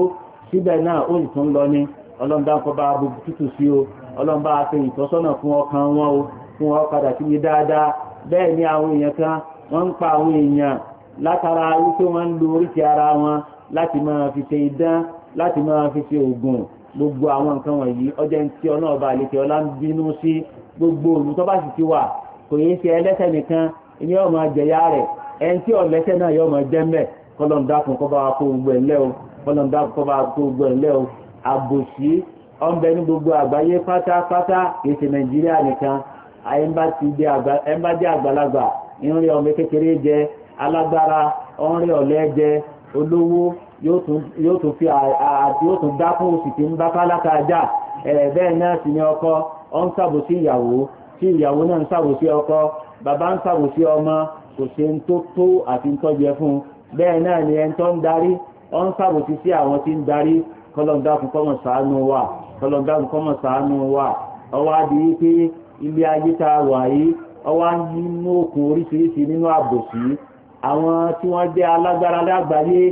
síbẹ̀ náà ó lè tún lọ ní ọlọ́mbà tútù sí o ọlọ́mbà ṣe ìtọ́sọ́nà fún ọkàn wọn o fún wọn padà sí ní dáadáa bẹ́ẹ̀ ni àwọn èèyàn kan wọ́n ń pa àwọn èèyàn látara wípé wọ́n ń lo oríṣi ara wọn láti máa fi ṣe idán láti máa fi ṣe oògùn gbogbo àwọn nǹkan wọ̀nyí ọjọ́ tí ọ náà bá lè tẹ ọlá ń bínú sí gbogbo òlù tó bá sì ti wà kò yé ṣe ẹlẹ́ṣẹ̀ nìkan ni yóò máa jẹ̀yà rẹ̀ ẹni tí ọ̀lẹ́ṣẹ̀ náà yóò máa jẹ́ mẹ́ kọ́ bá wa kó gbogbo o ń rí ọmọ kékeré jẹ alágbára ọ̀rẹ́ ọ̀lẹ́ jẹ olówó yóò tún fi àti yóò tún dákún òsì tí ń bá kálákà já bẹ́ẹ̀ náà sì ni ọkọ ọ ń ṣàbòsí ìyàwó tí ìyàwó náà ń ṣàbòsí ọkọ bàbá ń ṣàbòsí ọmọ kò ṣe ń tó tó àti ń tọ́jẹ fún bẹ́ẹ̀ náà ni ẹni tó ń darí ọ ń ṣàbòsí sí àwọn tí ń darí kọlọ̀dáàkùn kọmọ̀ ṣàánú wa kọlọ̀dáàkùn kọmọ̀ ṣàánú wa ọwọ́ adìyí pé ilé ayé tá a wà yìí ọwá nínú okùn oríṣiríṣi nínú àbòsí àwọn tí wọ́n jẹ́ alágbára lágbàáyé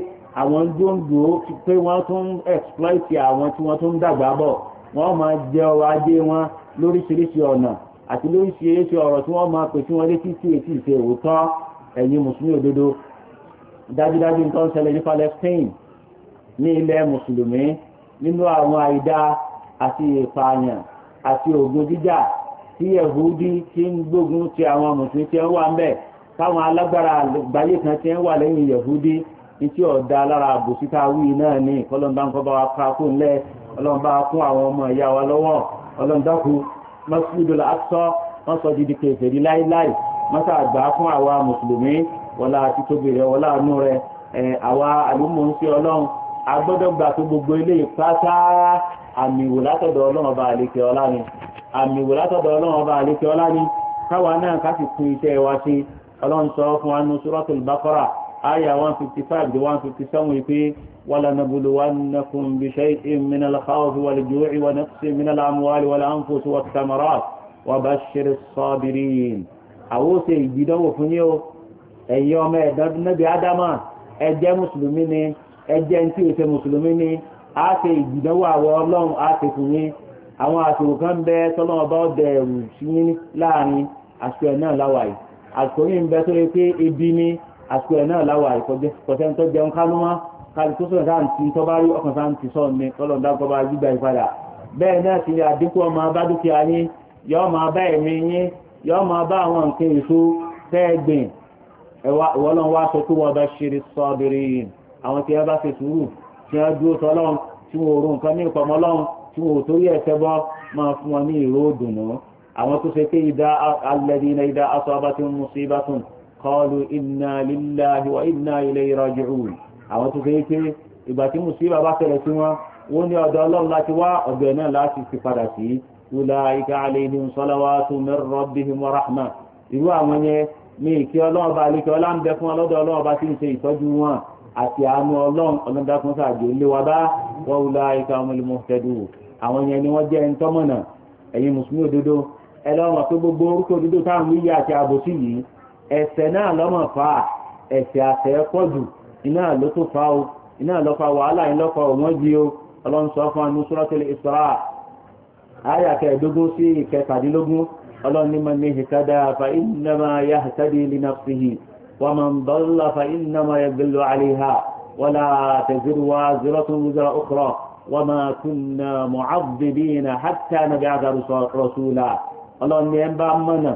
àwọn gbòǹgbò pé wọ́n tún exploit àwọn tí wọ́n tún dàgbà bọ̀ wọ́n máa jẹ ọrọ̀ ajé wọn lóríṣiríṣi ọ̀nà àti lóríṣiríṣi ọ̀rọ̀ tí wọ́n máa pè tí wọ́n létí sí èsì ìṣe òótọ́ ẹ̀yin mùsùlùmí òdodo dájúdájú nǹkan ṣẹlẹ̀ ní Palestine ní ilẹ̀ mùsùlùmí nínú àwọn àìdá àti ìpààyàn àti ògùn jíjà tí yahudi ti ń gbógun ti àwọn mùsùlùmí ti ń wà ń bẹ̀ táwọn alágbára àgbáyé kan ti ń wà lẹ́yìn yahudi tí ọ̀dà lára àbòsí tá a wí náà ní kọ́lọ́mbà bá wa ká kó ńlẹ̀ ọlọ́mbà fún àwọn ọmọ ìyá wa lọ́wọ́ ọlọ́ndákú masjidul aqsa wọ́n sọ di kèfèrí láíláì mọ́sá àgbà fún àwa mùsùlùmí wọlá àti tóbi rẹ̀ wọlá àánú rẹ̀ àwa àlùmọ̀ ń sí ọlọ́run agbọ́dọ̀ tó gbogbo ilé ìpátá àmìwò látọ̀dọ̀ ọlọ́run ọba àlékè ọlá ni àmìwò látọ̀dọ̀ ọlọ́run ọba àlékè ọlá ni káwa náà ká sì kún iṣẹ́ wa ṣe ọlọ́run sọ fún wa nù suratul baqara aya 155 157 wípé ولنبلونكم بشيء من الخوف والجوع ونقص bí ádámà ẹ a ṣe ìgbìdánwò àwọn ọlọ́run a ṣe fún yín àwọn àsìkò kan bẹ tọ́lọ́mọ bá ọdẹ ẹ̀rù sí yín láàrin àsìkò ẹ̀ náà láwà yìí àsìkò yìí ń bẹ tó lè pé ebi ní àsìkò ẹ̀ náà láwà yìí kọ̀sẹ́ tó jẹun kánú mọ́ kálí tó sọ̀rọ̀ sáà ń ti tọ́ bá rí ọkàn sáà ń ti sọ̀ ní tọ́lọ́mọ dákọ́ bá gbígbà ìpadà bẹ́ẹ̀ náà sì ni àdínkù ọmọ bá dúkìá yín yọ́ máa bá ẹ̀mí yín yọ́ máa bá àwọn nǹkan èso tẹ́ẹ̀gbìn ìwọ́lọ́wọ́ aṣọ tó wọ́n bá ṣe rí sọ́ọ́bìrì àwọn tí wọ́n bá ṣe sùúrù tí wọ́n dúró tọ́lọ́run tí wọ́n ò rò nǹkan ní ìpamọ́ lọ́run tí wọ́n ò torí ẹ̀fẹ́ bọ́ máa fún wọn ní ìró dùnú àwọn tó ṣe pé ìdá alladhina ìdá asabatun musibatun qalu inna lillahi wa inna ilayhi raji'un àwọn tó ṣe pé ìgbà tí mùsíbà bá tẹ̀lẹ̀ sí wọn wọ́n ní ọ̀dọ̀ ọlọ́run láti wá ọ̀dọ̀ náà àwọn yẹn ní ń bẹ fún tí ń ṣe àti àánú ọlọ́run ọlọ́dàkùn sáàjò léwa bá wọ́wùlá ìka ọmọlùmọ̀ fẹ́dù àwọn yẹn ni wọ́n jẹ́ ń tọ́mọ̀nà ẹ̀yin mùsùlùmí òdodo ẹlọ́mọ̀ tó gbogbo orúkọ òdodo táwọn yíyá àti àbòsí yìí ẹ̀ṣẹ̀ náà lọ́mọ̀ fa ẹ̀ṣẹ̀ àṣẹ pọ̀ jù iná ló tó fa ومن ضل فإنما يضل عليها ولا تزر وازرة وزر أخرى وما كنا معذبين حتى نبعث رسولا ọlọ́run ni ẹ bá mọ̀nà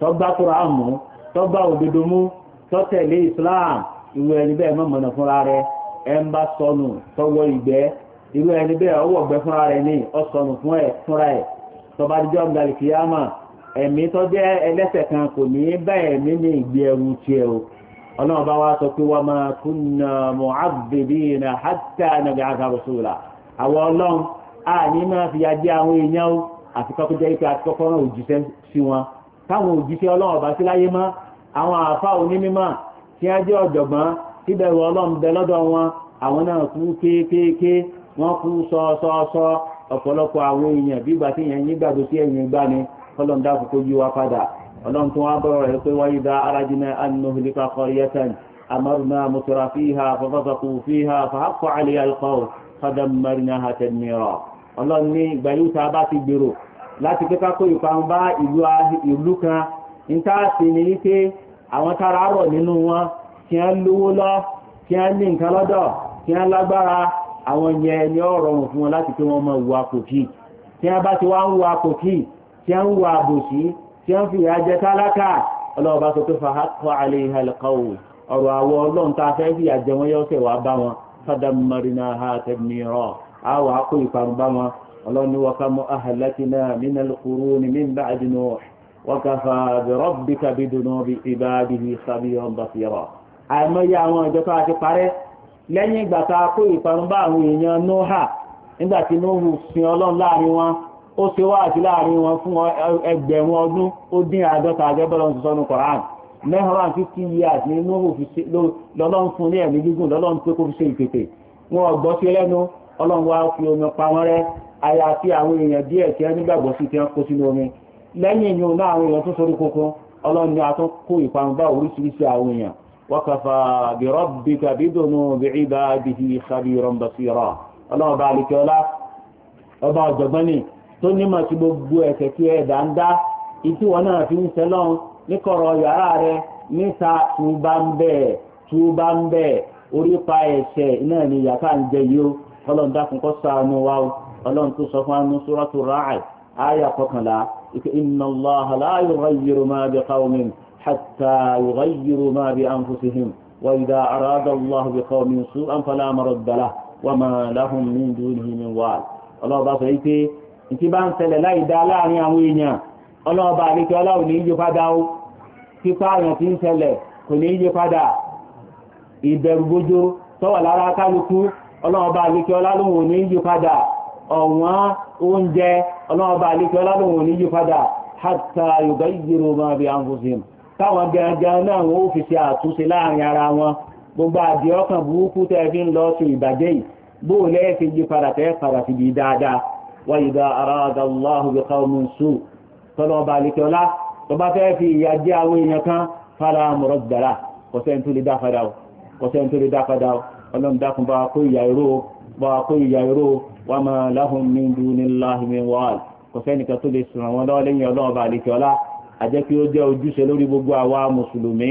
tó bá Kùránì mú tó bá òdodo mú tó tẹ̀lé Islam irú ẹni bẹ́ẹ̀ mọ̀ mọ̀nà fúnra rẹ̀ ẹ ń bá sọnù tó ìgbẹ́ irú ẹni bẹ́ẹ̀ ọwọ́ ọgbẹ́ fúnra rẹ̀ ní ọsọnù fún ẹ̀ fúnra ẹ̀ tó bá dijọ́ gbàlìkìyàmà ẹ̀mí tó jẹ́ ẹlẹ́ṣẹ̀ kan kò ní bá ẹ̀mí ní ìgbé ẹrù tiẹ̀ o ọlọ́run bá wá sọ pé wa ma kunna mu'azzibina hatta nab'atha rasula àwọn ọlọ́run a ní máa fi yájé àwọn èèyàn o àti kọ́kọ́ jẹ́ ipe àti kọ́kọ́ rán òjíṣẹ́ sí wọn táwọn òjíṣẹ́ ọlọ́run ọba sí láyé mọ́ àwọn àfa onímọ̀ kọ́lọ́n dáàbò kó yí wa padà ọlọ́run tó wá bọ̀rọ̀ rẹ̀ pé wáyé dá arájínà anúhìlípa kọ́ríyẹ́tàn amárùnà mùsùlùmá fíhà fọ́fọ́fọ́kù fíhà fàákọ́ àlẹ́ alkọ́ fọ́dọ̀mọ́rìnà àtẹ̀mìíràn ọlọ́run ní ìgbà yóò tá a bá ti gbèrò láti pé kákó ìpamọ́ bá ìlú kan ní tá a sì ní wípé àwọn tára rọ̀ nínú wọn kí á lówó lọ kí á ní nǹkan lọ́dọ̀ kí á lágbára àwọn yẹn ni ó rọrùn fún wọn láti pé wọ́n mọ̀ wù àpòkì tí a bá ti wá ń wù àpòkì tí a ń wà àbòsí tí a ń fi ìyà jẹ tálákà ọlọ́ọ̀bá sọ pé fàákọ́ alẹ́ ìhàlẹ̀kọ́wò ọ̀rọ̀ àwọ ọlọ́run tá a fẹ́ fi ìyà jẹ wọn yọ́sẹ̀ wá bá wọn fada marina ha tẹ̀míràn a wà kó ìparun bá wọn ọlọ́ni wọ́ká mọ́ ahàlákínà nínú kúrú ni mí bá àdínú wọ́kàfà bẹ̀rọ̀bìkà bí dùnú bí ìbáàdìhì sábìyàn bàfìrọ̀ àìmọye àwọn ìjọ tó a ti parẹ́ lẹ́yìn ìgbà tá a kó ìparun bá àwọn èèyàn nóhà nígbà tí nóhù sin ọlọ́run láàrin wọn ó ṣe wá àti láàrin wọn fún ẹgbẹ̀rún ọdún ó dín àádọ́ta agẹ́bọ́lọ́ ti sọ́nu koran mẹ́hàn years ní inú lọ́lọ́n fún ní ẹ̀mí gígùn lọ́lọ́n pé kó fi ṣe ìpètè wọn ọ̀gbọ́ sí lẹ́nu ọlọ́run wá fi omi pa àwọn èèyàn díẹ̀ tí wọ́n nígbàgbọ́ sí wọ́n kó sínú omi lẹ́yìn ìyún náà àwọn èèyàn tó sorí kókó ọlọ́run ni a tó kó ìparun bá oríṣiríṣi àwọn èèyàn wakafa bi rabbika bidunu bi ọlọ́run bá tó nímọ̀ sí gbogbo ẹ̀ṣẹ̀ tí ẹ̀dá ń dá ìtí wọn náà fi ń sẹ́lọ́n níkọ̀rọ̀ yàrá rẹ níta túbá ń bẹ́ẹ̀ túbá ń bẹ́ẹ̀ orípa ẹ̀ṣẹ̀ náà ni yàtá ń jẹ yìí ó ọlọ́run dákun kó ṣàánú wa ó ọlọ́run tó sọ fún anú suratu Ra'd àyà kọkànlá inna Allaha la yughayyiru ma bi qawmin hatta yughayyiru ma bi anfusihim wa idha arada Allahu bi qawmin su'an fala maradda lahu wa ma lahum min dunihi min wal ọlọ́run bá sọ yìí pé ìtí bá ń ṣẹlẹ̀ láì dá láàrin àwọn èèyàn ọlọ́ọ̀bà àríkẹ́ ọlọ́run ní yíyí padà ó pípa àyàn tí ń ṣẹlẹ̀ kò ní yíyí padà ìbẹ̀rùgbójó tọ́wà lára kálukú ọlọ́ọ̀bà àríkẹ́ ọlọ́run ní yíyí padà ọ̀wọ́n ma bi anfusihim táwọn gangan náà wọ́n ó fi ṣe àtúnṣe láàrin ara wọn gbogbo wa idha arada Allahu bi qawmin su' tọ́lọ́ ọba àlekẹ́ọ́lá tó bá fẹ́ fi ìyà jẹ àwọn èèyàn kan fara mọ̀rọ̀gbàrà kọ̀sẹ́ntó lè dápadà ọlọ́run dákun bá kó ìyà ìró bá kó ìyà ìró wa ma lahum min dunillahi min wal kọ̀sẹ́nìkan tó lè sùn àwọn lọ́wọ́ lẹ́yìn ọlọ́run ọba àlekẹ́ọ́lá àjẹ́ kí ó jẹ́ ojúṣe lórí gbogbo àwa mùsùlùmí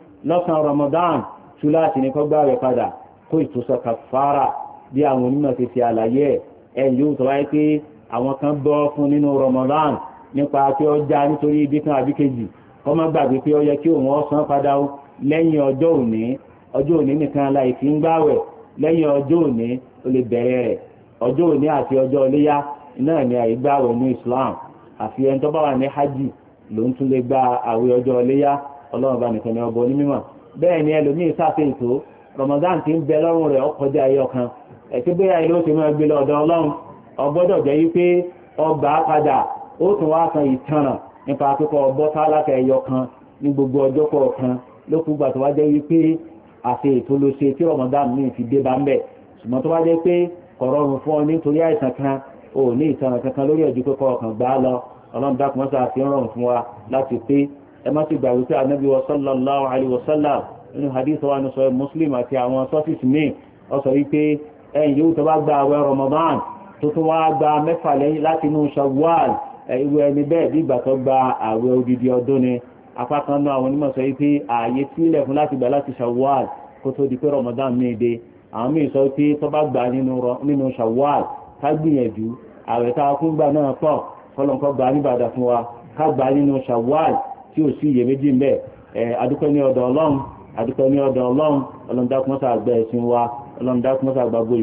lọ́sàn Ramadan tú láti ní kó gbààwẹ̀ padà kó ìtúsọ kàfàrà bí àwọn onímọ̀ ti fi àlàyé ẹ̀ yóò tọ́ pé àwọn kan bọ́ fún nínú Ramadan nípa pé ó já nítorí ibi kan àbí kejì kọ́ kí òun ọ̀sán padà lẹ́yìn ọjọ́ òní ọjọ́ òní nìkan láì fi ń lẹ́yìn ọjọ́ òní ó lè ni ní Islam àfi ẹni tó bá wà ní hajj ọlọ́run bá nìkan ní ọbọ̀ ní mímọ̀ bẹ́ẹ̀ ni ẹlòmíì sáfẹ́ ètò Ramadan ti ń bẹ lọ́rùn rẹ̀ ọkọjá ẹyọ kan ẹ̀tí bóyá ilé ó ti máa gbé lọ́dọ̀ ọlọ́run ọgbọ́dọ̀ jẹ́ wípé ọgbà padà ó tún wá san ìtanràn nípa pípọ̀ ọgbọ́ tálákà ẹyọ kan ní gbogbo ọjọ́ kọ̀ọ̀kan lókùgbà tó wá jẹ́ wípé àti ètò ló ṣe tí Ramadan ní fi dé bá ń bẹ̀ ṣùgbọ́n tó wá jẹ́ pé kọ̀rọ̀rùn fún ọ nítorí àìsàn kan ò ní ìtanràn kankan lórí ẹ̀jú pé kọ̀ọ̀kan gbá lọ ọlọ́run dákùnmọ́sà àti ń rọrùn fún wa láti pé ẹ má ti gbàgbé tí anábí wa sallallahu alaihi wa sallam inú hadith wa ní sọ muslim àti àwọn sọ́fíìsì ní ọ sọ wípé ẹ̀yìn yóò tó bá gba àwẹ̀ ramadan tó tó wá gba mẹ́fà lẹ́yìn láti inú shawwal ìwé ẹni bẹ́ẹ̀ bí ìgbà tó gba àwẹ̀ odidi ọdún ni apá kan náà àwọn onímọ̀ sọ wípé ààyè sílẹ̀ fún láti gbà láti shawwal kó tó di pé ramadan míì dé àwọn míì sọ wípé tó bá gbà nínú shawwal ká gbìyànjú àwẹ̀ tá a kún gbà náà pọ̀ kọ́lọ́nkọ́ gbà gbà nínú tí ò sí iyèméjì ń bẹ adúpẹ́ ní ọ̀dọ̀ ọlọ́run adúpẹ́ ní ọ̀dọ̀ ọlọ́run ọlọ́run dákúmọ́sà àgbà ẹ̀sìn wa ọlọ́run dákúmọ́sà àgbàgbọ́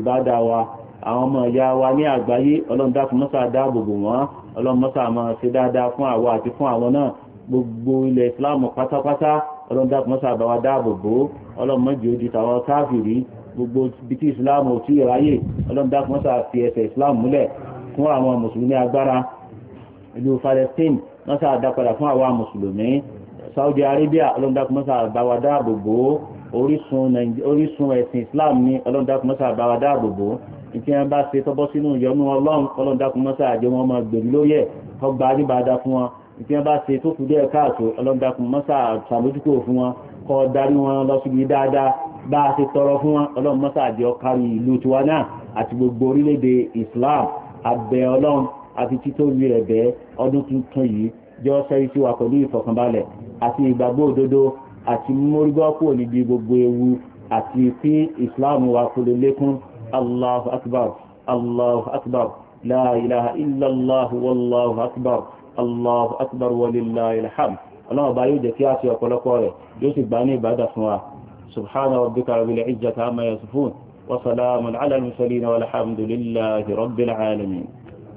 wa àwọn ọmọ ìyá wa ní àgbáyé ọlọ́run dákúmọ́sà dáàbòbò wọ́n ọlọ́run mọ́sà máa ṣe dáadáa fún àwa àti fún àwọn náà gbogbo ilẹ̀ Islam pátápátá ọlọ́run dákúmọ́sà àbáwá dáàbòbò ọlọ́run mọ́jì ó di tàwọn káfìrí gbogbo ibi tí Islam ò tí ì ráyè ọlọ́run dákúmọ́sà fi ẹsẹ̀ Islam múlẹ̀ fún àwọn mùsùlùmí agbára ìlú Palestine mọ́sá àdápadà fún àwa mùsùlùmí Saudi Arabia ọlọ́dàkùn mọ́sá àbáwá dáàbòbò orísun ẹ̀sìn Islam ní ọlọ́dàkùn mọ́sá àbáwá dáàbòbò ìtí wọn bá ṣe tọ́bọ́ sínú ìyọnú ọlọ́run ọlọ́dàkùn mọ́sá àjọ wọn máa gbèrú lórí ẹ̀ ọgbà àdìbàdà fún wọn ìtí wọn bá ṣe tó fi díẹ̀ káàtó ọlọ́dàkùn mọ́sá àṣàlójúkò fún wọn kó darí wọn lọ síbi dáadáa bá a ṣe tọrọ fún wọn ọlọ́run mọ́sá àjọ kárí ìlú tiwa náà àti gbogbo orílẹ̀-èdè Islam abẹ́ ọlọ́run àti títóbi rẹ̀ bẹ́ẹ̀ ọdún tuntun yìí jọ sẹ́rí sí wa pẹ̀lú ìfọ̀kànbalẹ̀ àti ìgbàgbọ́ òdodo àti mórígbọ́kù níbi gbogbo ewu àti kí islam wa kò lè lékún allahu akbar allahu akbar la ilaha illallah wallahu akbar allahu akbar walillahil hamd ọlọ́run ọba yóò jẹ́ kí a ṣe ọ̀pọ̀lọpọ̀ rẹ̀ yóò sì gbà ní ìbádà fún wa subhana rabbika rabbil izzati amma yasifun wa salamun ala al-mursalin walhamdulillahi rabbil alamin